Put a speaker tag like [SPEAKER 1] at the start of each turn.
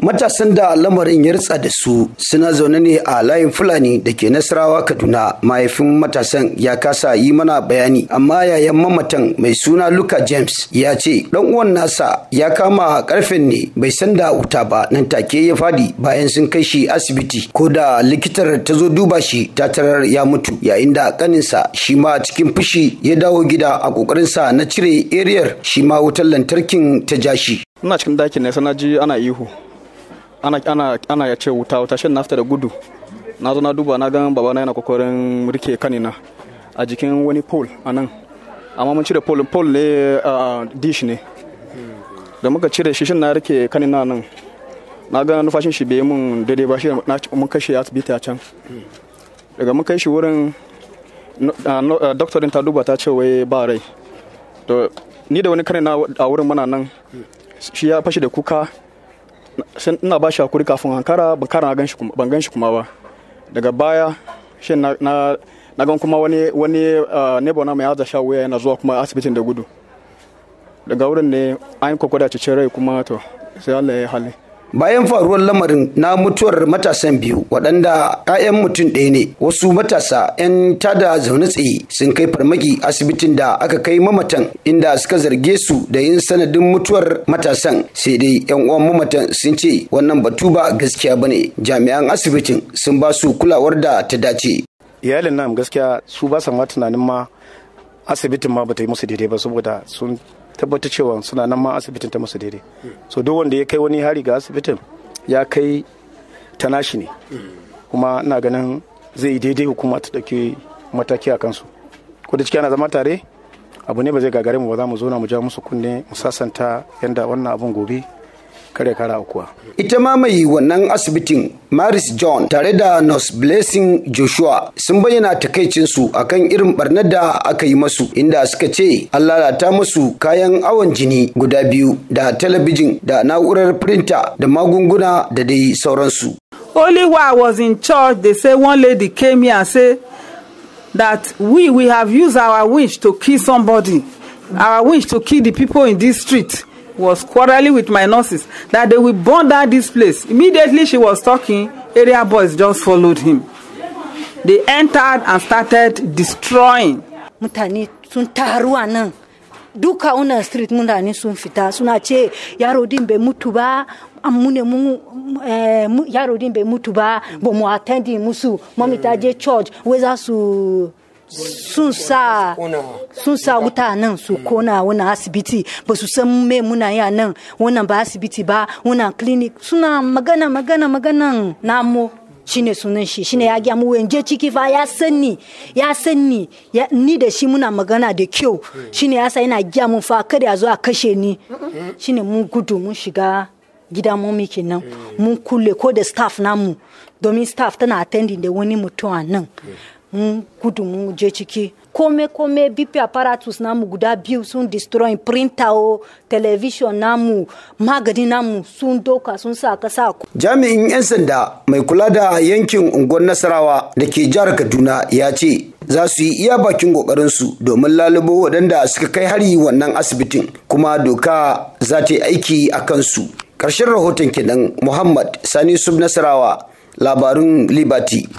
[SPEAKER 1] Matasan da lamarin ya ritsa da su suna zaune ne a layin Fulani da ke Nasarawa Kaduna mahaifin matasan ya kasa yi mana bayani amma yayan mamatan mai suna Luka James ya ce dan uwan nasa ya kama karfen ne bai san da wuta ba nan take ya fadi bayan sun kai shi asibiti ko da likitar ta zo duba shi ta tarar ya mutu yayin da kaninsa shi ma cikin fushi ya dawo gida a sa na cire eriyar shi ma wutar lantarkin ta ja shi.
[SPEAKER 2] Ina cikin dakin ne sana ji ana ihu ana ana ana ya ce wuta wuta shin na fita da gudu na zo na duba na gan baba na yana kokarin rike kanina a jikin wani pole a nan amma mun cire pole pole ne a dish ne da muka cire shi shin na rike kanina nan na ga nufashin shi bai mun daidai ba shi mun kashe asibiti a can daga mun kai shi wurin doktorin ta duba ta ce wai ba rai to ni da wani kanina a wurin mana nan shi ya fashi da kuka ina ba shi hakuri kafin hankara ban kara ban gan shi kuma ba daga baya shi na gan kuma wani wani ah, na mai haza sha wuya yana zuwa kuma asibitin da gudu daga wurin ne an kwakwada cece rai kuma to sai Allah ya hali
[SPEAKER 1] bayan faruwar lamarin na mutuwar matasan biyu waɗanda 'ya'yan mutum ɗaya ne wasu matasa 'yan tada zaune tsaye sun kai farmaki asibitin da aka kai mamatan inda suka zarge su da yin sanadin mutuwar matasan sai dai 'yan uwan mamatan sun ce wannan batu ba gaskiya bane jami'an asibitin sun ba su kulawar da ta dace iyalin nan gaskiya su ba sa ma tunanin ma asibitin ma bata yi musu daidai ba saboda
[SPEAKER 2] sun tabbata cewa suna nan ma asibitin ta masa daidai so duk wanda ya kai wani hari ga asibitin ya kai ta nashi ne kuma ina ganin zai daidai hukuma ta ɗauki mataki a kansu ko da ciki ana zama tare abu ne ba zai gagare mu ba za mu zo na mu ja musu kunne mu sasanta yanda wannan abun gobe kare kara kuwa.
[SPEAKER 1] Ita ma mai wannan asibitin Maris John tare da Nurse Blessing Joshua sun bayyana takaicinsu akan irin barnar da aka yi masu inda suka ce an lalata masu kayan awon jini guda biyu da talabijin da na'urar printa da magunguna da dai sauransu. Only while I was in church, they say one lady came here and say that we we have used our wish to kill somebody, our wish to kill the people in this street. was quarreling with my nurses that they will burn down this place. Immediately she was talking, area boys just followed him. They entered and started destroying.
[SPEAKER 3] Mutani sun taru a duka una street mutani sun fita suna ce yaro din bai mutu ba an mune mun eh, yaro mu attending musu mami ta je church wai su sun sa wuta nan su kona wani asibiti ba su san me muna ya nan wannan ba asibiti ba wannan clinic suna magana magana magana namo shine sunan shi shine ya gya mu je ciki fa ya sanni ya sanni ni da shi muna magana da kyau shine ya sa yana gya mun fa kada ya zo a kashe ni shine mun gudu mun shiga gida miki nan mun kulle ko da staff namu domin staff tana attending da wani mutum nan mun gudu mun je ciki kome kome bp apparatus namu guda biyu sun destroy printer o television namu magani namu sun doka sun sa ƙasa.
[SPEAKER 1] jami'in 'yan sanda mai kula da yankin unguwar nasarawa da ke jihar kaduna ya ce za su yi iya bakin su domin lalubo waɗanda suka kai hari wannan asibitin kuma doka za ta yi aiki a kansu ƙarshen rahoton kenan muhammad sani sub nasarawa labarun liberty